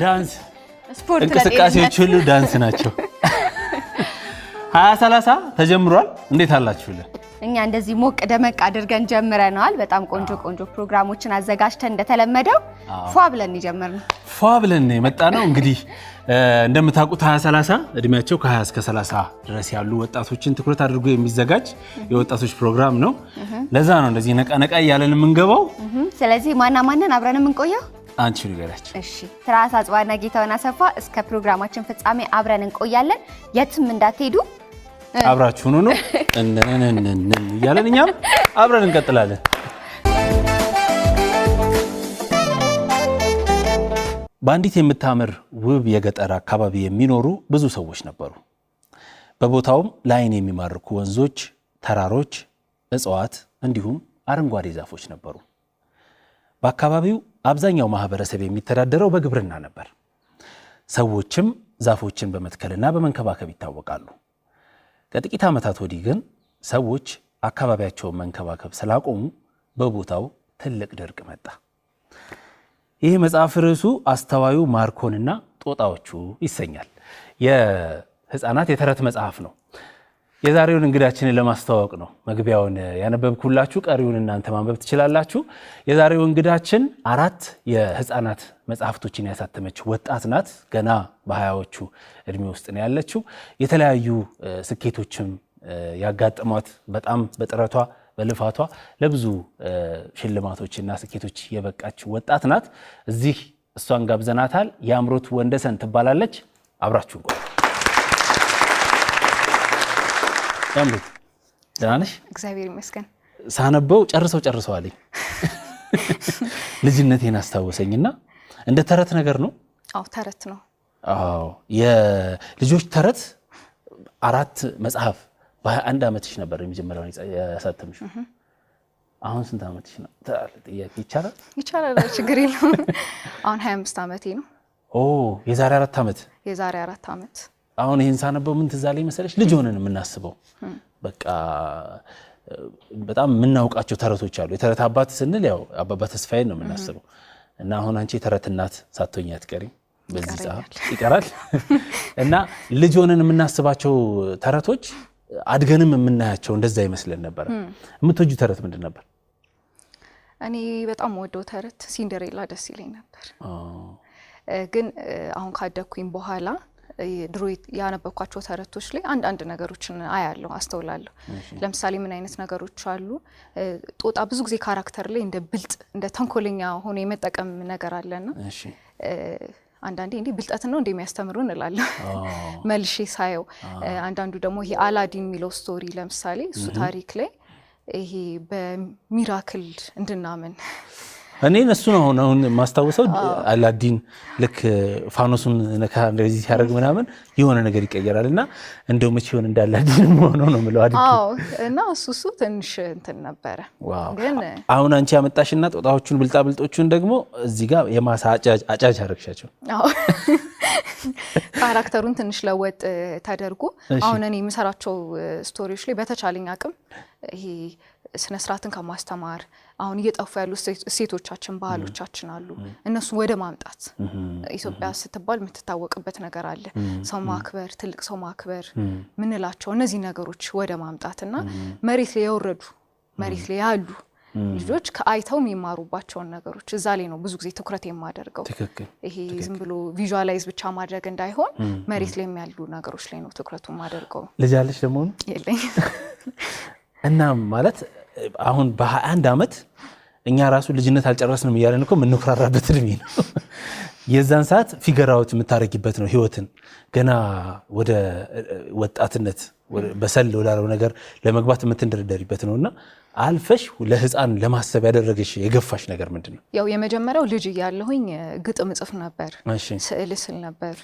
ዳንስ እንቅስቃሴዎች ሁሉ ዳንስ ናቸው። ሀያ ሰላሳ ተጀምሯል። እንዴት አላችሁልን? እኛ እንደዚህ ሞቅ ደመቅ አድርገን ጀምረነዋል። በጣም ቆንጆ ቆንጆ ፕሮግራሞችን አዘጋጅተን እንደተለመደው ፏ ብለን የጀመርነው ፏ ብለን የመጣ ነው። እንግዲህ እንደምታውቁት 2030 እድሜያቸው ከ20 እስከ 30 ድረስ ያሉ ወጣቶችን ትኩረት አድርጎ የሚዘጋጅ የወጣቶች ፕሮግራም ነው። ለዛ ነው እንደዚህ ነቃ ነቃ እያለን የምንገባው። ስለዚህ ማና ማንን አብረን የምንቆየው አንቺ ንገሪያቸው። እሺ ትራስ አጽባና ጌታውን አሰፋ እስከ ፕሮግራማችን ፍጻሜ አብረን እንቆያለን። የትም እንዳትሄዱ አብራችሁኑ ነው እያለን እኛም አብረን እንቀጥላለን። በአንዲት የምታምር ውብ የገጠር አካባቢ የሚኖሩ ብዙ ሰዎች ነበሩ። በቦታውም ለአይን የሚማርኩ ወንዞች፣ ተራሮች፣ እጽዋት እንዲሁም አረንጓዴ ዛፎች ነበሩ። በአካባቢው አብዛኛው ማህበረሰብ የሚተዳደረው በግብርና ነበር። ሰዎችም ዛፎችን በመትከልና በመንከባከብ ይታወቃሉ። ከጥቂት ዓመታት ወዲህ ግን ሰዎች አካባቢያቸውን መንከባከብ ስላቆሙ በቦታው ትልቅ ድርቅ መጣ። ይህ መጽሐፍ ርዕሱ አስተዋዩ ማርኮንና ጦጣዎቹ ይሰኛል። የህፃናት የተረት መጽሐፍ ነው። የዛሬውን እንግዳችንን ለማስተዋወቅ ነው። መግቢያውን ያነበብኩላችሁ፣ ቀሪውን እናንተ ማንበብ ትችላላችሁ። የዛሬው እንግዳችን አራት የህፃናት መጽሐፍቶችን ያሳተመች ወጣት ናት። ገና በሀያዎቹ እድሜ ውስጥ ነው ያለችው። የተለያዩ ስኬቶችም ያጋጠሟት በጣም በጥረቷ በልፋቷ ለብዙ ሽልማቶችና ስኬቶች የበቃች ወጣት ናት። እዚህ እሷን ጋብዘናታል። የአምሮት ወንደሰን ትባላለች። አብራችሁ እንዴት ደህና ነሽ? እግዚአብሔር ይመስገን። ሳነበው ጨርሰው ጨርሰው አለኝ። ልጅነቴን አስታወሰኝና እንደ ተረት ነገር ነው። አዎ ተረት ነው። አዎ የልጆች ተረት አራት መጽሐፍ በ21 ዓመትሽ ነበር የመጀመሪያውን ያሳተምሽ። አሁን ስንት ዓመትሽ ነው? ጥያቄ ይቻላል ይቻላል፣ ችግር የለውም። አሁን 25 ዓመቴ ነው። ኦ የዛሬ አራት ዓመት የዛሬ አራት ዓመት አሁን ይህን ሳነበው ምን ትዝ አለኝ መሰለሽ፣ ልጅ ሆነን የምናስበው በቃ በጣም የምናውቃቸው ተረቶች አሉ። የተረት አባት ስንል ያው አባባ ተስፋዬን ነው የምናስበው እና አሁን አንቺ የተረት እናት ሳትሆኚ አትቀሪም በዚህ ጸሐፍ ይቀራል እና ልጅ ሆነን የምናስባቸው ተረቶች አድገንም የምናያቸው እንደዛ ይመስለን ነበረ። የምትወጁ ተረት ምንድን ነበር? እኔ በጣም ወደው ተረት ሲንደሬላ ደስ ይለኝ ነበር፣ ግን አሁን ካደግኩኝ በኋላ ድሮ ያነበኳቸው ተረቶች ላይ አንዳንድ ነገሮችን አያለሁ፣ አስተውላለሁ። ለምሳሌ ምን አይነት ነገሮች አሉ? ጦጣ ብዙ ጊዜ ካራክተር ላይ እንደ ብልጥ እንደ ተንኮለኛ ሆኖ የመጠቀም ነገር አለና አንዳንዴ እንዲህ ብልጠት ነው እንደሚያስተምሩ እንላለሁ መልሼ ሳየው። አንዳንዱ ደግሞ ይሄ አላዲን የሚለው ስቶሪ ለምሳሌ እሱ ታሪክ ላይ ይሄ በሚራክል እንድናምን እኔ እነሱ ነው አሁን አሁን ማስታወሰው አላዲን ልክ ፋኖሱን ነካ እንደዚህ ሲያደርግ ምናምን የሆነ ነገር ይቀየራል። እና እንደው መቼ ሆን እንደ አላዲን ሆኖ ነው ምለው አድ እና እሱ እሱ ትንሽ እንትን ነበረ። ግን አሁን አንቺ ያመጣሽና ጦጣዎቹን ብልጣብልጦቹን ደግሞ እዚህ ጋር የማሳ አጫጅ አረግሻቸው። ካራክተሩን ትንሽ ለወጥ ተደርጎ አሁን እኔ የምሰራቸው ስቶሪዎች ላይ በተቻለኝ አቅም ይሄ ስነስርዓትን ከማስተማር አሁን እየጠፉ ያሉ እሴቶቻችን፣ ባህሎቻችን አሉ። እነሱ ወደ ማምጣት ኢትዮጵያ ስትባል የምትታወቅበት ነገር አለ። ሰው ማክበር፣ ትልቅ ሰው ማክበር ምንላቸው እነዚህ ነገሮች ወደ ማምጣት እና መሬት ላይ የወረዱ መሬት ላይ ያሉ ልጆች ከአይተው የሚማሩባቸውን ነገሮች እዛ ላይ ነው ብዙ ጊዜ ትኩረት የማደርገው። ይሄ ዝም ብሎ ቪዥዋላይዝ ብቻ ማድረግ እንዳይሆን መሬት ላይ ያሉ ነገሮች ላይ ነው ትኩረቱ የማደርገው። ልጅ አለሽ ደግሞ የለኝ እናም ማለት አሁን በ21 ዓመት እኛ ራሱ ልጅነት አልጨረስንም እያለን እኮ የምንኩራራበት እድሜ ነው። የዛን ሰዓት ፊገራዎች የምታረጊበት ነው ህይወትን ገና ወደ ወጣትነት በሰል ወዳለው ነገር ለመግባት የምትንደረደሪበት ነው እና አልፈሽ ለህፃን ለማሰብ ያደረገሽ የገፋሽ ነገር ምንድን ነው? ያው የመጀመሪያው ልጅ እያለሁኝ ግጥም ጽፍ ነበር፣ ስዕል ስል ነበር።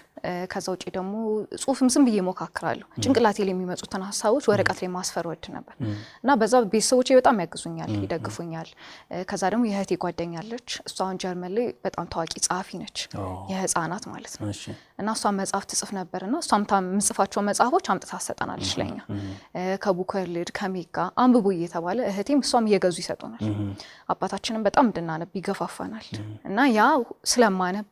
ከዛ ውጭ ደግሞ ጽሁፍም ዝም ብዬ ሞካክራለሁ። ጭንቅላቴ የሚመጡትን ሀሳቦች ወረቀት ላይ ማስፈር ወድ ነበር እና በዛ ቤተሰቦቼ በጣም ያግዙኛል፣ ይደግፉኛል። ከዛ ደግሞ የእህቴ ጓደኛለች፣ እሷ አሁን ጀርመን ላይ በጣም ታዋቂ ጸሐፊ ነች፣ የህፃናት ማለት ነው እና እሷ መጽሐፍት ትጽፍ ነበር እና እሷም የምጽፋቸው መጽሐፎች አምጥታ አሰጠናለች ለኛ ከቡከልድ ከሜጋ አንብቡ እየተባለ እህቴም እሷም እየገዙ ይሰጡናል። አባታችንም በጣም እንድናነብ ይገፋፋናል እና ያ ስለማነብ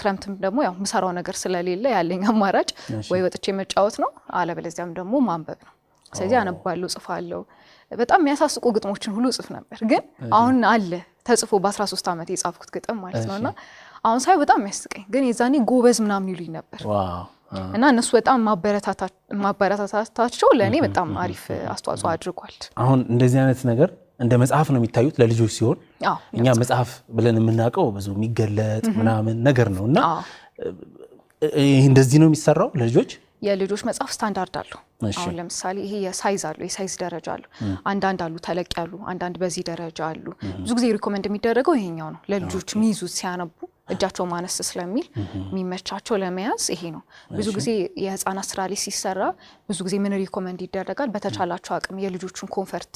ክረምትም ደግሞ ያው ምሰራው ነገር ስለሌለ ያለኝ አማራጭ ወይ ወጥቼ መጫወት ነው፣ አለበለዚያም ደግሞ ማንበብ ነው። ስለዚህ አነባለሁ፣ ጽፋለሁ። በጣም የሚያሳስቁ ግጥሞችን ሁሉ ጽፍ ነበር። ግን አሁን አለ ተጽፎ በ13 ዓመት የጻፍኩት ግጥም ማለት ነውና አሁን ሳይ በጣም ያስቀኝ፣ ግን የዛኔ ጎበዝ ምናምን ይሉኝ ነበር እና እነሱ በጣም ማበረታታታቸው ለእኔ በጣም አሪፍ አስተዋጽኦ አድርጓል። አሁን እንደዚህ አይነት ነገር እንደ መጽሐፍ ነው የሚታዩት ለልጆች ሲሆን እኛ መጽሐፍ ብለን የምናውቀው ብዙ የሚገለጥ ምናምን ነገር ነው እና ይህ እንደዚህ ነው የሚሰራው ለልጆች የልጆች መጽሐፍ ስታንዳርድ አለው አሁን ለምሳሌ ይሄ የሳይዝ አሉ የሳይዝ ደረጃ አሉ። አንዳንድ አሉ ተለቅ ያሉ፣ አንዳንድ በዚህ ደረጃ አሉ። ብዙ ጊዜ ሪኮመንድ የሚደረገው ይሄኛው ነው ለልጆች የሚይዙት ሲያነቡ እጃቸው ማነስ ስለሚል የሚመቻቸው ለመያዝ ይሄ ነው። ብዙ ጊዜ የህፃናት ስራ ላይ ሲሰራ ብዙ ጊዜ ምን ሪኮመንድ ይደረጋል? በተቻላቸው አቅም የልጆቹን ኮንፈርት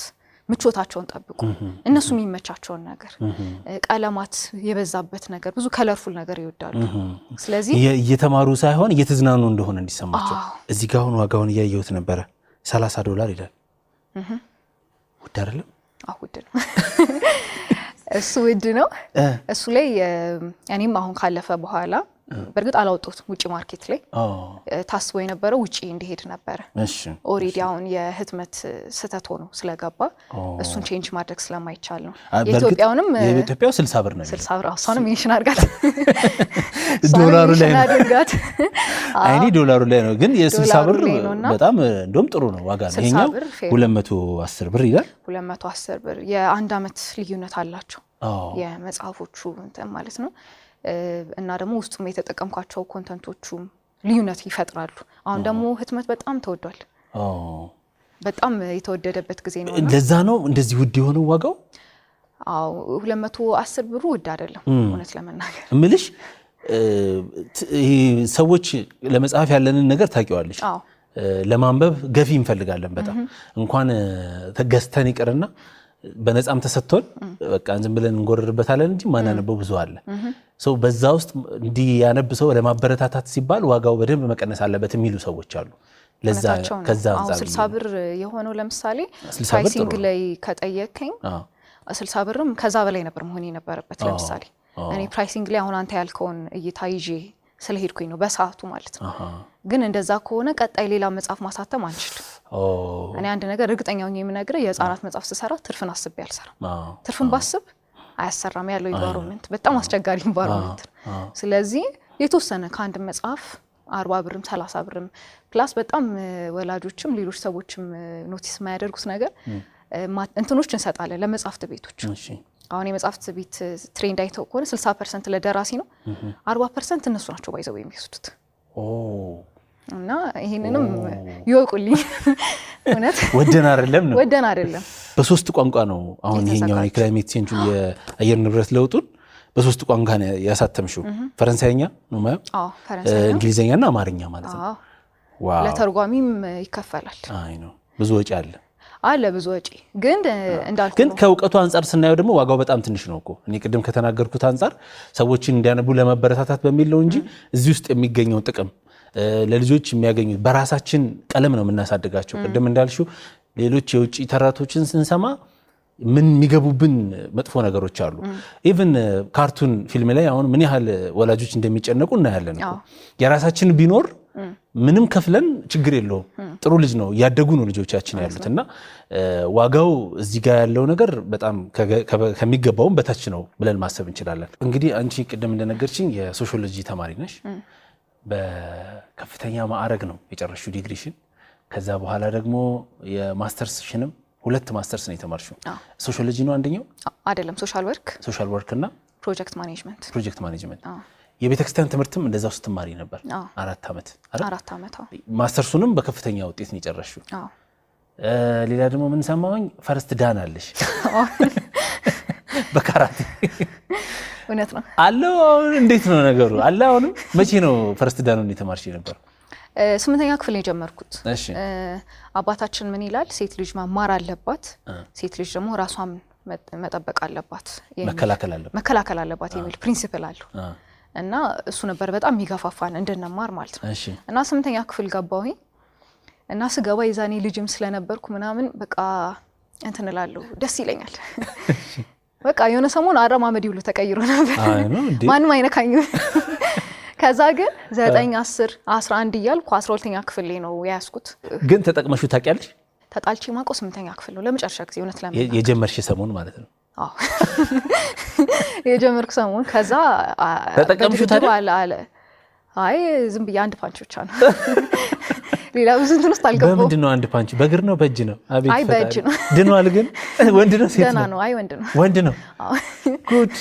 ምቾታቸውን ጠብቁ። እነሱ የሚመቻቸውን ነገር፣ ቀለማት የበዛበት ነገር፣ ብዙ ከለርፉል ነገር ይወዳሉ። ስለዚህ እየተማሩ ሳይሆን እየተዝናኑ እንደሆነ እንዲሰማቸው። እዚህ ጋ አሁን ዋጋውን እያየሁት ነበረ፣ 30 ዶላር ይላል። ውድ አይደለም? ውድ ነው። እሱ ውድ ነው። እሱ ላይ እኔም አሁን ካለፈ በኋላ በእርግጥ አላወጡት ውጭ ማርኬት ላይ ታስቦ የነበረው ውጭ እንዲሄድ ነበረ። ኦሬዲ አሁን የህትመት ስህተት ሆኖ ስለገባ እሱን ቼንጅ ማድረግ ስለማይቻል ነው። የኢትዮጵያውንም የኢትዮጵያው ስልሳ ብር ነው። ስልሳ ብር እሷንም ሜንሽን አድርጋት፣ ዶላሩ ላይ ነው አይኔ ዶላሩ ላይ ነው። ግን የስልሳ ብር በጣም እንደውም ጥሩ ነው ዋጋ ነው። ይሄኛው ሁለት መቶ አስር ብር ይላል። ሁለት መቶ አስር ብር የአንድ አመት ልዩነት አላቸው የመጽሐፎቹ እንትን ማለት ነው እና ደግሞ ውስጡም የተጠቀምኳቸው ኮንተንቶቹም ልዩነት ይፈጥራሉ። አሁን ደግሞ ህትመት በጣም ተወዷል። በጣም የተወደደበት ጊዜ ነው። ለዛ ነው እንደዚህ ውድ የሆነው ዋጋው። አዎ ሁለት መቶ አስር ብሩ ውድ አይደለም። እውነት ለመናገር ምልሽ ሰዎች ለመጽሐፍ ያለንን ነገር ታውቂዋለሽ፣ ለማንበብ ገፊ እንፈልጋለን በጣም እንኳን ገዝተን ይቅርና በነፃም ተሰጥቶን በቃ ዝም ብለን እንጎርርበታለን እንጂ ማናነበው ብዙ አለ። በዛ ውስጥ ያነብ ሰው ለማበረታታት ሲባል ዋጋው በደንብ መቀነስ አለበት የሚሉ ሰዎች አሉ። ለዛ ከዛ አንጻር ስልሳ ብር የሆነው ለምሳሌ ፕራይሲንግ ላይ ከጠየቀኝ ስልሳ ብርም ከዛ በላይ ነበር መሆን የነበረበት። ለምሳሌ እኔ ፕራይሲንግ ላይ አሁን አንተ ያልከውን እይታ ይዤ ስለሄድኩኝ ነው በሰዓቱ ማለት ነው። ግን እንደዛ ከሆነ ቀጣይ ሌላ መጽሐፍ ማሳተም አንችልም። እኔ አንድ ነገር እርግጠኛ ሆኜ የምነግርህ የህፃናት መጽሐፍ ስሰራ ትርፍን አስቤ አልሰራም። ትርፍን ባስብ አያሰራም ያለው ኢንቫይሮንመንት በጣም አስቸጋሪ ኢንቫይሮንመንት ነው። ስለዚህ የተወሰነ ከአንድ መጽሐፍ አርባ ብርም ሰላሳ ብርም ፕላስ በጣም ወላጆችም ሌሎች ሰዎችም ኖቲስ የማያደርጉት ነገር እንትኖች እንሰጣለን ለመጽሐፍት ቤቶች። አሁን የመጽሐፍት ቤት ትሬንድ አይተው ከሆነ ስልሳ ፐርሰንት ለደራሲ ነው፣ አርባ ፐርሰንት እነሱ ናቸው ባይዘው የሚወስዱት እና ይሄንንም ይወቁልኝ። እውነት ወደን አይደለም ነው ወደን አይደለም። በሶስት ቋንቋ ነው አሁን ይሄኛው የክላይሜት ቼንጁ የአየር ንብረት ለውጡን በሶስት ቋንቋ ያሳተምሽው ፈረንሳይኛ ነው ማለት እንግሊዝኛ እና አማርኛ ማለት ነው። ለተርጓሚም ይከፈላል። አይ ነው ብዙ ወጪ አለ አለ ብዙ ወጪ ግን እንዳልኩ ግን ከእውቀቱ አንጻር ስናየው ደግሞ ዋጋው በጣም ትንሽ ነው እኮ። እኔ ቅድም ከተናገርኩት አንጻር ሰዎችን እንዲያነቡ ለመበረታታት በሚል ነው እንጂ እዚህ ውስጥ የሚገኘው ጥቅም ለልጆች የሚያገኙት በራሳችን ቀለም ነው የምናሳድጋቸው። ቅድም እንዳልሹ ሌሎች የውጭ ተረቶችን ስንሰማ ምን የሚገቡብን መጥፎ ነገሮች አሉ። ኢቭን ካርቱን ፊልም ላይ አሁን ምን ያህል ወላጆች እንደሚጨነቁ እናያለን። የራሳችን ቢኖር ምንም ከፍለን ችግር የለውም ጥሩ ልጅ ነው እያደጉ ነው ልጆቻችን ያሉት እና ዋጋው እዚህ ጋር ያለው ነገር በጣም ከሚገባውም በታች ነው ብለን ማሰብ እንችላለን። እንግዲህ አንቺ ቅድም እንደነገርችኝ የሶሺዮሎጂ ተማሪ ነሽ። በከፍተኛ ማዕረግ ነው የጨረሹ ዲግሪሽን። ከዛ በኋላ ደግሞ የማስተርስሽንም ሁለት ማስተርስ ነው የተማርሽው። ሶሺዮሎጂ ነው አንደኛው አይደለም፣ ሶሻል ወርክ ሶሻል ወርክ እና ፕሮጀክት ማኔጅመንት ፕሮጀክት ማኔጅመንት። የቤተክርስቲያን ትምህርትም እንደዛው ስትማሪ ነበር አራት ዓመት አራት ዓመት። ማስተርሱንም በከፍተኛ ውጤት ነው የጨረሽው። ሌላ ደግሞ ምን ሰማሁኝ፣ ፈርስት ዳን አለሽ በካራቴ እውነት ነው አለው። አሁን እንዴት ነው ነገሩ? አለ አሁንም። መቼ ነው ፈርስት ዳኑን የተማርሽ ነበር? ስምንተኛ ክፍል የጀመርኩት። አባታችን ምን ይላል? ሴት ልጅ መማር አለባት፣ ሴት ልጅ ደግሞ ራሷን መጠበቅ አለባት፣ መከላከል አለባት የሚል ፕሪንሲፕል አለው እና እሱ ነበር በጣም የሚገፋፋን እንድንማር ማለት ነው። እና ስምንተኛ ክፍል ገባሁ እና ስገባ የዛኔ ልጅም ስለነበርኩ ምናምን በቃ እንትንላለሁ ደስ ይለኛል በቃ የሆነ ሰሞን አረማመድ ሁሉ ተቀይሮ ነበር። ማንም አይነካኝ። ከዛ ግን ዘጠኝ አስር አስራ አንድ እያልኩ አስራ ሁለተኛ ክፍል ላይ ነው የያዝኩት። ግን ተጠቅመሹ ታውቂያለሽ? ተጣልቺ ማቆ ስምንተኛ ክፍል ነው ለመጨረሻ ጊዜ እውነት ለመ የጀመርሽ ሰሞን ማለት ነው የጀመርኩ ሰሞን። ከዛ ተጠቀምሹ ታዲያ? አይ ዝም ብዬ አንድ ፓንች ብቻ ነው ሌላ ብዙ እንትን ውስጥ አልገባሁም። በምንድን ነው አንድ ፓንች በእግር ነው በእጅ ነው? አቤት አይ በእጅ ነው። ድኗል ግን ወንድ ነው ሴት ነው? አይ ወንድ ነው። ወንድ ነው። ጉድ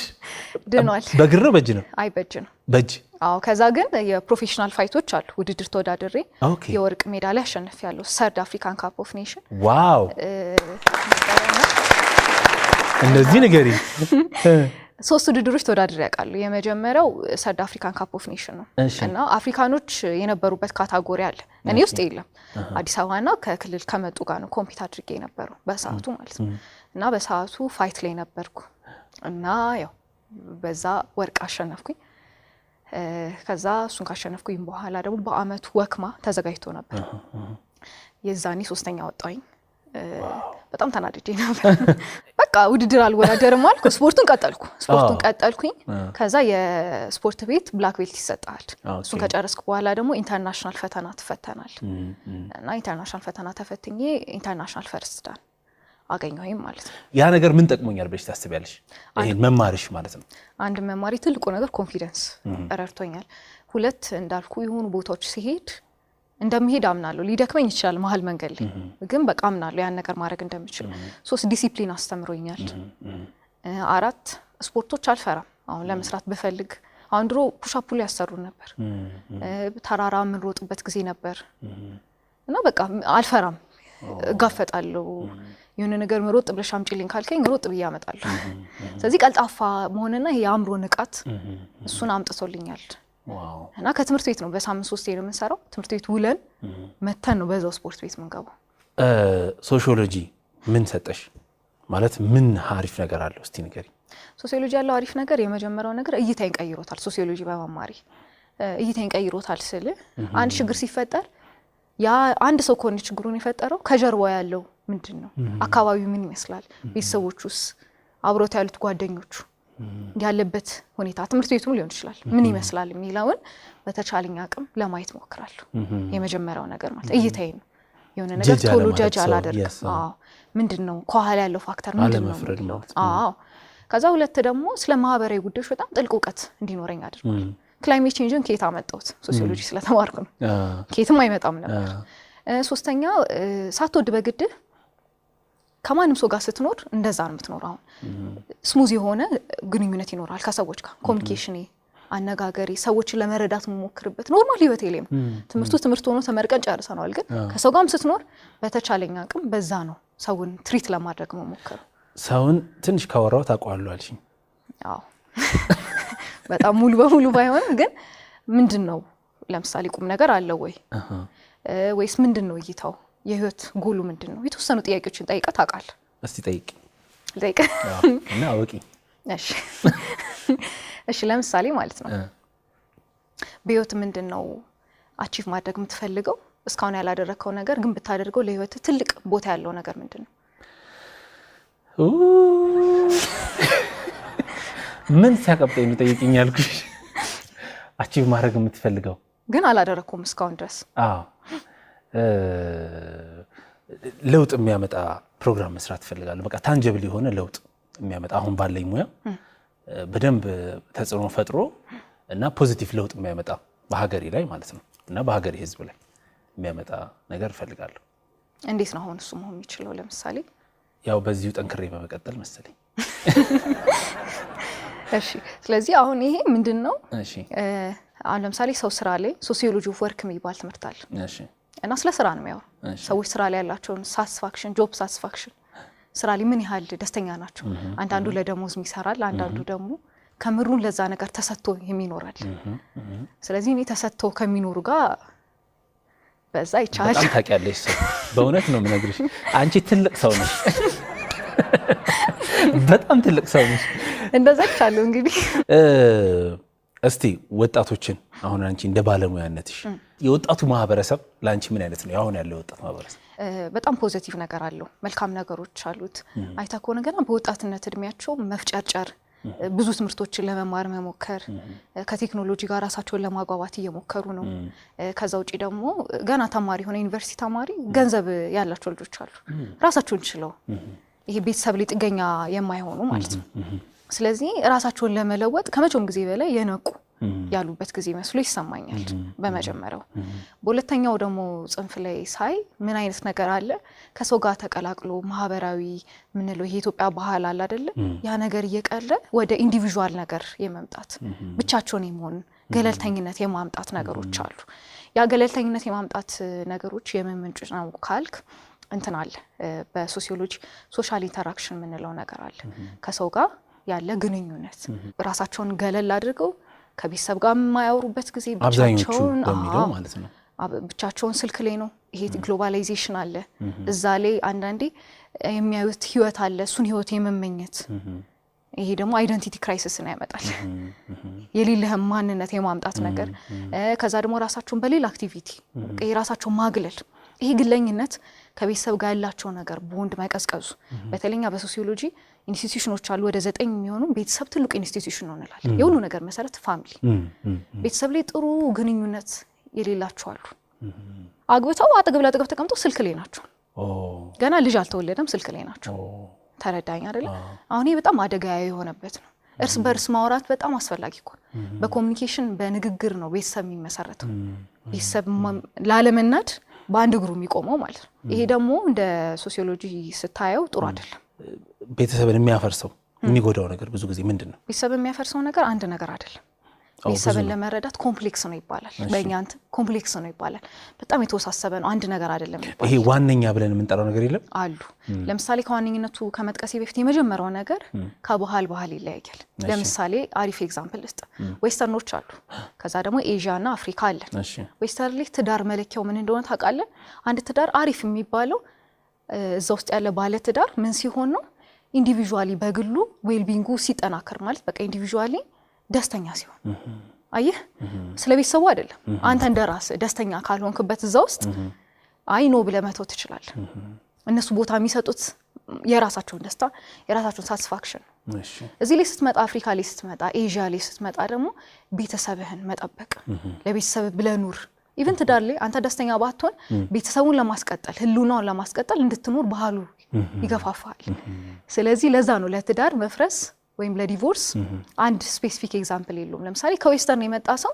ድኗል። በእግር ነው በእጅ ነው? አይ በእጅ ነው። በእጅ አዎ። ከዛ ግን የፕሮፌሽናል ፋይቶች አሉ። ውድድር ተወዳድሬ የወርቅ ሜዳሊያ ያለው ሰርድ አፍሪካን ካፕ ኦፍ ኔሽን። ዋው! እንደዚህ ንገሪኝ ሶስት ውድድሮች ተወዳድረው ያውቃሉ። የመጀመሪያው ሰድ አፍሪካን ካፕ ኦፍ ኔሽን ነው እና አፍሪካኖች የነበሩበት ካታጎሪ አለ። እኔ ውስጥ የለም። አዲስ አበባና ከክልል ከመጡ ጋር ነው ኮምፒት አድርጌ የነበረው በሰዓቱ ማለት ነው። እና በሰዓቱ ፋይት ላይ ነበርኩ እና ያው በዛ ወርቅ አሸነፍኩኝ። ከዛ እሱን ካሸነፍኩኝ በኋላ ደግሞ በአመቱ ወክማ ተዘጋጅቶ ነበር። የዛኔ ሶስተኛ ወጣኝ። በጣም ተናድጄ ነበር። በቃ ውድድር አልወዳደርም አልኩ። ስፖርቱን ቀጠልኩ ስፖርቱን ቀጠልኩኝ። ከዛ የስፖርት ቤት ብላክ ቤልት ይሰጣል። እሱን ከጨረስኩ በኋላ ደግሞ ኢንተርናሽናል ፈተና ትፈተናል እና ኢንተርናሽናል ፈተና ተፈትኜ ኢንተርናሽናል ፈርስት ዳን አገኘሁኝ ማለት ነው። ያ ነገር ምን ጠቅሞኛል ብለሽ ታስቢያለሽ? ይሄን መማርሽ ማለት ነው። አንድ መማሪ ትልቁ ነገር ኮንፊደንስ ረድቶኛል። ሁለት እንዳልኩ የሆኑ ቦታዎች ሲሄድ እንደምሄድ አምናለሁ። ሊደክመኝ ይችላል መሀል መንገድ ላይ ግን በቃ አምናለሁ ያን ነገር ማድረግ እንደምችል። ሶስት ዲሲፕሊን አስተምሮኛል። አራት ስፖርቶች አልፈራም። አሁን ለመስራት ብፈልግ አሁን ድሮ ፑሻፑ ላይ ነበር፣ ተራራ የምንሮጥበት ጊዜ ነበር እና በቃ አልፈራም፣ እጋፈጣለሁ። የሆነ ነገር ምሮጥ ብለሽ አምጪልኝ ካልከኝ ሮጥ ብዬ አመጣለሁ። ስለዚህ ቀልጣፋ መሆንና የአእምሮ ንቃት እሱን አምጥቶልኛል። እና ከትምህርት ቤት ነው በሳምንት ሶስት ሄድ የምንሰራው። ትምህርት ቤት ውለን መተን ነው በዛው ስፖርት ቤት የምንገባው። ሶሽሎጂ ምን ሰጠሽ? ማለት ምን አሪፍ ነገር አለው እስቲ ንገሪ። ሶሲዮሎጂ ያለው አሪፍ ነገር የመጀመሪያው ነገር እይታይን ቀይሮታል። ሶሲዮሎጂ በመማሪ እይታይን ቀይሮታል ስል አንድ ችግር ሲፈጠር ያ አንድ ሰው ከሆነ ችግሩን የፈጠረው ከጀርባ ያለው ምንድን ነው፣ አካባቢው ምን ይመስላል፣ ቤተሰቦቹስ፣ አብሮት ያሉት ጓደኞቹ ያለበት ሁኔታ ትምህርት ቤቱም ሊሆን ይችላል ምን ይመስላል የሚለውን በተቻለኝ አቅም ለማየት ሞክራለሁ። የመጀመሪያው ነገር ማለት እይታዬ ነው። የሆነ ነገር ቶሎ ጃጅ አላደርግም። ምንድን ነው ከኋላ ያለው ፋክተር ምንድን ነው? ከዛ ሁለት ደግሞ ስለ ማህበራዊ ጉዳዮች በጣም ጥልቅ እውቀት እንዲኖረኝ አድርጓል። ክላይሜት ቼንጅን ከየት አመጣሁት? ሶሲዮሎጂ ስለተማርኩ ነው። ከየትም አይመጣም ነበር። ሶስተኛ ሳትወድ በግድህ ከማንም ሰው ጋር ስትኖር እንደዛ ነው የምትኖር። አሁን ስሙዝ የሆነ ግንኙነት ይኖራል ከሰዎች ጋር ኮሚኒኬሽን፣ አነጋገሪ ሰዎችን ለመረዳት የምሞክርበት ኖርማል ህይወት የለም። ትምህርቱ ትምህርት ሆኖ ተመርቀን ጨርሰነዋል። ግን ከሰው ጋርም ስትኖር በተቻለኝ አቅም በዛ ነው ሰውን ትሪት ለማድረግ መሞከር። ሰውን ትንሽ ካወራው ታውቀዋለሁ አልሽኝ። አዎ በጣም ሙሉ በሙሉ ባይሆንም ግን ምንድን ነው ለምሳሌ ቁም ነገር አለው ወይ ወይስ ምንድን ነው እይታው የህይወት ጎሉ ምንድን ነው? የተወሰኑ ጥያቄዎችን ጠይቀህ ታውቃለህ? እስቲ ጠይቅ ጠይቅ እና እሺ ለምሳሌ ማለት ነው በህይወት ምንድን ነው አቺቭ ማድረግ የምትፈልገው? እስካሁን ያላደረግከው ነገር ግን ብታደርገው ለህይወት ትልቅ ቦታ ያለው ነገር ምንድን ነው? ምን ሲያቀብጠኝ ነው ጠይቅኝ ያልኩሽ። አቺቭ ማድረግ የምትፈልገው ግን አላደረግኩም እስካሁን ድረስ። አዎ ለውጥ የሚያመጣ ፕሮግራም መስራት እፈልጋለሁ። በቃ ታንጀብል የሆነ ለውጥ የሚያመጣ አሁን ባለኝ ሙያ በደንብ ተጽዕኖ ፈጥሮ እና ፖዚቲቭ ለውጥ የሚያመጣ በሀገሬ ላይ ማለት ነው እና በሀገሬ ህዝብ ላይ የሚያመጣ ነገር እፈልጋለሁ። እንዴት ነው አሁን እሱ መሆን የሚችለው? ለምሳሌ ያው በዚሁ ጠንክሬ በመቀጠል መሰለኝ። እሺ፣ ስለዚህ አሁን ይሄ ምንድን ነው? አሁን ለምሳሌ ሰው ስራ ላይ ሶሲዮሎጂ ኦፍ ወርክ የሚባል ትምህርት አለ። እና ስለ ስራ ነው የሚያወሩ ሰዎች ስራ ላይ ያላቸውን ሳትስፋክሽን ጆብ ሳትስፋክሽን ስራ ላይ ምን ያህል ደስተኛ ናቸው። አንዳንዱ ለደሞዝ ይሰራል፣ አንዳንዱ ደግሞ ከምሩን ለዛ ነገር ተሰጥቶ የሚኖራል። ስለዚህ እኔ ተሰጥቶ ከሚኖሩ ጋር በዛ ይቻላል። በጣም ታውቂያለሽ ሰው በእውነት ነው የምነግርሽ። አንቺ ትልቅ ሰው ነሽ፣ በጣም ትልቅ ሰው ነሽ። እንደዛ ይቻለሁ እንግዲህ እስቲ ወጣቶችን አሁን አንቺ እንደ ባለሙያነትሽ የወጣቱ ማህበረሰብ ለአንቺ ምን አይነት ነው? አሁን ያለው ወጣት ማህበረሰብ በጣም ፖዘቲቭ ነገር አለው፣ መልካም ነገሮች አሉት። አይታ ከሆነ ገና በወጣትነት እድሜያቸው መፍጨርጨር ብዙ ትምህርቶችን ለመማር መሞከር ከቴክኖሎጂ ጋር ራሳቸውን ለማግባባት እየሞከሩ ነው። ከዛ ውጭ ደግሞ ገና ተማሪ የሆነ ዩኒቨርሲቲ ተማሪ ገንዘብ ያላቸው ልጆች አሉ፣ ራሳቸውን ችለው ይሄ ቤተሰብ ላይ ጥገኛ የማይሆኑ ማለት ነው። ስለዚህ ራሳቸውን ለመለወጥ ከመቼውም ጊዜ በላይ የነቁ ያሉበት ጊዜ መስሎ ይሰማኛል። በመጀመሪያው በሁለተኛው ደግሞ ጽንፍ ላይ ሳይ ምን አይነት ነገር አለ ከሰው ጋር ተቀላቅሎ ማህበራዊ ምንለው ይሄ የኢትዮጵያ ባህል አለ አደለ? ያ ነገር እየቀረ ወደ ኢንዲቪዥዋል ነገር የመምጣት ብቻቸውን የመሆን ገለልተኝነት የማምጣት ነገሮች አሉ። ያ ገለልተኝነት የማምጣት ነገሮች የምምንጭ ነው ካልክ እንትን አለ በሶሲዮሎጂ ሶሻል ኢንተራክሽን የምንለው ነገር አለ ከሰው ጋር ያለ ግንኙነት ራሳቸውን ገለል አድርገው ከቤተሰብ ጋር የማያወሩበት ጊዜ ብቻቸውን ብቻቸውን ስልክ ላይ ነው። ይሄ ግሎባላይዜሽን አለ እዛ ላይ አንዳንዴ የሚያዩት ህይወት አለ እሱን ህይወት የመመኘት ይሄ ደግሞ አይደንቲቲ ክራይሲስን ያመጣል። የሌለህም ማንነት የማምጣት ነገር ከዛ ደግሞ ራሳቸውን በሌላ አክቲቪቲ የራሳቸውን ማግለል ይሄ ግለኝነት ከቤተሰብ ጋር ያላቸው ነገር ቦንድ ማይቀዝቀዙ በተለኛ በሶሲዮሎጂ ኢንስቲትዩሽኖች አሉ ወደ ዘጠኝ የሚሆኑ ቤተሰብ ትልቅ ኢንስቲትዩሽን ነው እንላለን። የሁሉ ነገር መሰረት ፋሚሊ፣ ቤተሰብ ላይ ጥሩ ግንኙነት የሌላቸው አሉ። አግብተው አጠገብ ለአጠገብ ተቀምጠው ስልክ ላይ ናቸው። ገና ልጅ አልተወለደም፣ ስልክ ላይ ናቸው። ተረዳኝ አይደለም? አሁን ይሄ በጣም አደጋ የሆነበት ነው። እርስ በእርስ ማውራት በጣም አስፈላጊ እኮ በኮሚኒኬሽን በንግግር ነው ቤተሰብ የሚመሰረተው። ቤተሰብ ላለመናድ በአንድ እግሩ የሚቆመው ማለት ነው። ይሄ ደግሞ እንደ ሶሲዮሎጂ ስታየው ጥሩ አይደለም። ቤተሰብን የሚያፈርሰው የሚጎዳው ነገር ብዙ ጊዜ ምንድን ነው? ቤተሰብ የሚያፈርሰው ነገር አንድ ነገር አይደለም። ቤተሰብን ለመረዳት ኮምፕሌክስ ነው ይባላል። በእኛ እንትን ኮምፕሌክስ ነው ይባላል። በጣም የተወሳሰበ ነው፣ አንድ ነገር አይደለም። ይሄ ዋነኛ ብለን የምንጠራው ነገር የለም አሉ። ለምሳሌ ከዋነኝነቱ ከመጥቀሴ በፊት የመጀመሪያው ነገር ከባህል ባህል ይለያያል። ለምሳሌ አሪፍ ኤግዛምፕል ልስጥ። ዌስተርኖች አሉ፣ ከዛ ደግሞ ኤዥያ እና አፍሪካ አለን። ዌስተርን ላይ ትዳር መለኪያው ምን እንደሆነ ታውቃለን? አንድ ትዳር አሪፍ የሚባለው እዛ ውስጥ ያለ ባለ ትዳር ምን ሲሆን ነው? ኢንዲቪዥዋሊ በግሉ ዌልቢንጉ ሲጠናከር ማለት በቃ ኢንዲቪዥዋሊ ደስተኛ ሲሆን አየህ፣ ስለ ቤተሰቡ አይደለም። አንተ እንደ ራስህ ደስተኛ ካልሆንክበት እዛ ውስጥ አይ ኖ ብለህ መተው ትችላለህ። እነሱ ቦታ የሚሰጡት የራሳቸውን ደስታ የራሳቸውን ሳትስፋክሽን ነው። እዚህ ላይ ስትመጣ፣ አፍሪካ ላይ ስትመጣ፣ ኤዥያ ላይ ስትመጣ ደግሞ ቤተሰብህን መጠበቅ ለቤተሰብ ብለህ ኑር። ኢቨን ትዳር ላይ አንተ ደስተኛ ባትሆን ቤተሰቡን ለማስቀጠል ህልውናውን ለማስቀጠል እንድትኖር ባህሉ ይገፋፋል። ስለዚህ ለዛ ነው ለትዳር መፍረስ ወይም ለዲቮርስ አንድ ስፔሲፊክ ኤግዛምፕል የለውም። ለምሳሌ ከዌስተርን የመጣ ሰው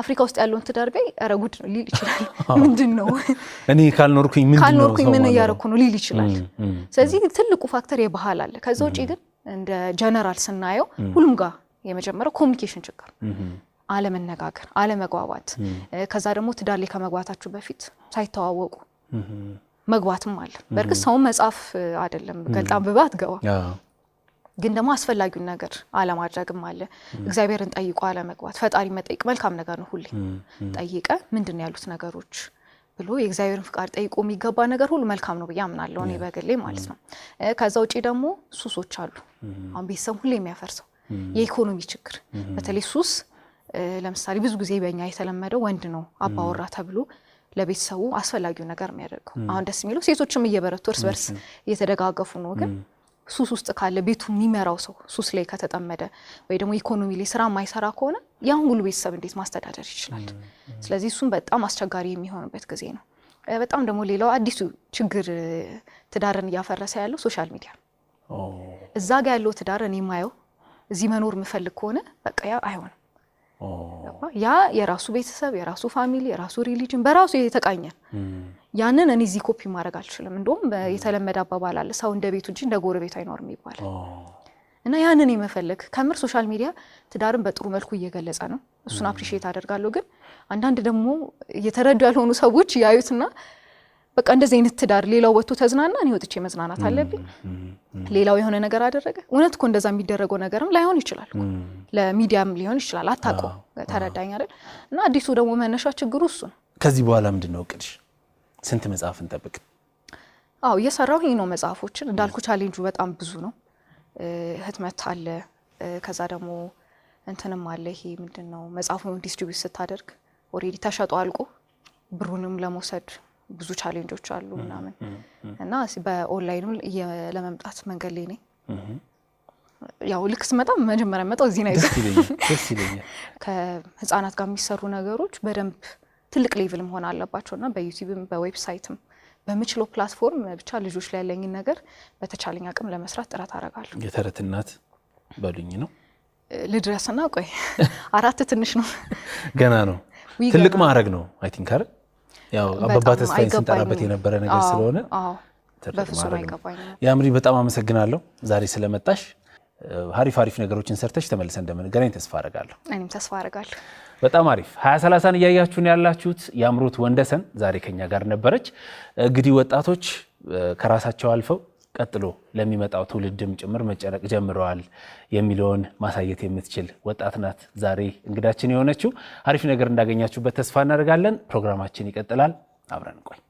አፍሪካ ውስጥ ያለውን ትዳር ቢያይ ኧረ ጉድ ሊል ይችላል። ምንድን ነው እኔ ካልኖርኩኝ ምን እያደረኩ ነው ሊል ይችላል። ስለዚህ ትልቁ ፋክተር የባህል አለ። ከዛ ውጭ ግን እንደ ጀነራል ስናየው ሁሉም ጋር የመጀመሪያው ኮሚኒኬሽን ችግር፣ አለመነጋገር፣ አለመግባባት ከዛ ደግሞ ትዳር ላይ ከመግባታችሁ በፊት ሳይተዋወቁ መግባትም አለ። በእርግጥ ሰውን መጽሐፍ አይደለም ገልጣ ብባት ገባ ግን ደግሞ አስፈላጊውን ነገር አለማድረግም አለ። እግዚአብሔርን ጠይቆ አለመግባት፣ ፈጣሪ መጠይቅ መልካም ነገር ነው። ሁሌ ጠይቀ ምንድን ያሉት ነገሮች ብሎ የእግዚአብሔርን ፍቃድ ጠይቆ የሚገባ ነገር ሁሉ መልካም ነው ብዬ አምናለሁ፣ እኔ በግሌ ማለት ነው። ከዛ ውጪ ደግሞ ሱሶች አሉ። አሁን ቤተሰብ ሁሌ የሚያፈርሰው የኢኮኖሚ ችግር፣ በተለይ ሱስ ለምሳሌ ብዙ ጊዜ በኛ የተለመደው ወንድ ነው አባወራ ተብሎ ለቤተሰቡ አስፈላጊው ነገር የሚያደርገው። አሁን ደስ የሚለው ሴቶችም እየበረቱ እርስ በርስ እየተደጋገፉ ነው ግን ሱስ ውስጥ ካለ ቤቱ የሚመራው ሰው ሱስ ላይ ከተጠመደ ወይ ደግሞ ኢኮኖሚ ላይ ስራ የማይሰራ ከሆነ ያን ሁሉ ቤተሰብ እንዴት ማስተዳደር ይችላል? ስለዚህ እሱም በጣም አስቸጋሪ የሚሆንበት ጊዜ ነው። በጣም ደግሞ ሌላው አዲሱ ችግር ትዳርን እያፈረሰ ያለው ሶሻል ሚዲያ እዛ ጋ ያለው ትዳር እኔ የማየው እዚህ መኖር የምፈልግ ከሆነ በቃ ያ አይሆንም። ያ የራሱ ቤተሰብ፣ የራሱ ፋሚሊ፣ የራሱ ሪሊጅን በራሱ የተቃኘ ያንን እኔ እዚህ ኮፒ ማድረግ አልችልም። እንደውም የተለመደ አባባል አለ ሰው እንደ ቤቱ እንጂ እንደ ጎረቤቱ አይኖርም ይባላል። እና ያንን የመፈለግ ከምር ሶሻል ሚዲያ ትዳርን በጥሩ መልኩ እየገለጸ ነው። እሱን አፕሪሺየት አደርጋለሁ። ግን አንዳንድ ደግሞ እየተረዱ ያልሆኑ ሰዎች ያዩትና በቃ እንደዚህ አይነት ትዳር ሌላው ወጥቶ ተዝናና፣ እኔ ወጥቼ መዝናናት አለብኝ፣ ሌላው የሆነ ነገር አደረገ። እውነት እኮ እንደዛ የሚደረገው ነገርም ላይሆን ይችላል፣ ለሚዲያም ሊሆን ይችላል። አታውቀው። ተረዳኝ አይደል? እና አዲሱ ደግሞ መነሻ ችግሩ እሱ ነው። ከዚህ በኋላ ምንድን ነው እቅድሽ? ስንት መጽሐፍ እንጠብቅ? አዎ ይህ ነው መጽሐፎችን። እንዳልኩ ቻሌንጁ በጣም ብዙ ነው። ህትመት አለ፣ ከዛ ደግሞ እንትንም አለ። ይሄ ምንድን ነው መጽሐፉን ዲስትሪቢዩት ስታደርግ ኦልሬዲ ተሸጦ አልቆ ብሩንም ለመውሰድ ብዙ ቻሌንጆች አሉ ምናምን እና በኦንላይኑ ለመምጣት መንገድ ላይ ነኝ። ያው ልክ ስመጣ መጀመሪያ መጣው እዚህ ነው። ደስ ጋር የሚሰሩ ነገሮች በደንብ ትልቅ ሌቭል መሆን አለባቸው እና በዩቲዩብም በዌብሳይትም በምችለው ፕላትፎርም ብቻ ልጆች ላይ ያለኝን ነገር በተቻለኝ አቅም ለመስራት ጥረት አደርጋለሁ። የተረት እናት በሉኝ ነው ልድረስና ቆይ አራት ትንሽ ነው ገና ነው ትልቅ ማዕረግ ነው አይ ቲንክ አይደል ያው አባባ ተስፋዬን ስንጠራበት የነበረ ነገር ስለሆነ በፍጹም አይገባኝ። በጣም አመሰግናለሁ ዛሬ ስለመጣሽ። ሀሪፍ ሀሪፍ ነገሮችን ሰርተሽ ተመልሰን እንደምንገናኝ ተስፋ አረጋለሁ። እኔም ተስፋ አረጋለሁ። በጣም አሪፍ ሀያ ሰላሳን እያያችሁን ያላችሁት የአምሮት ወንደሰን ዛሬ ከኛ ጋር ነበረች። እንግዲህ ወጣቶች ከራሳቸው አልፈው ቀጥሎ ለሚመጣው ትውልድም ጭምር መጨረቅ ጀምረዋል የሚለውን ማሳየት የምትችል ወጣት ናት ዛሬ እንግዳችን የሆነችው። አሪፍ ነገር እንዳገኛችሁበት ተስፋ እናደርጋለን። ፕሮግራማችን ይቀጥላል። አብረን ቆይ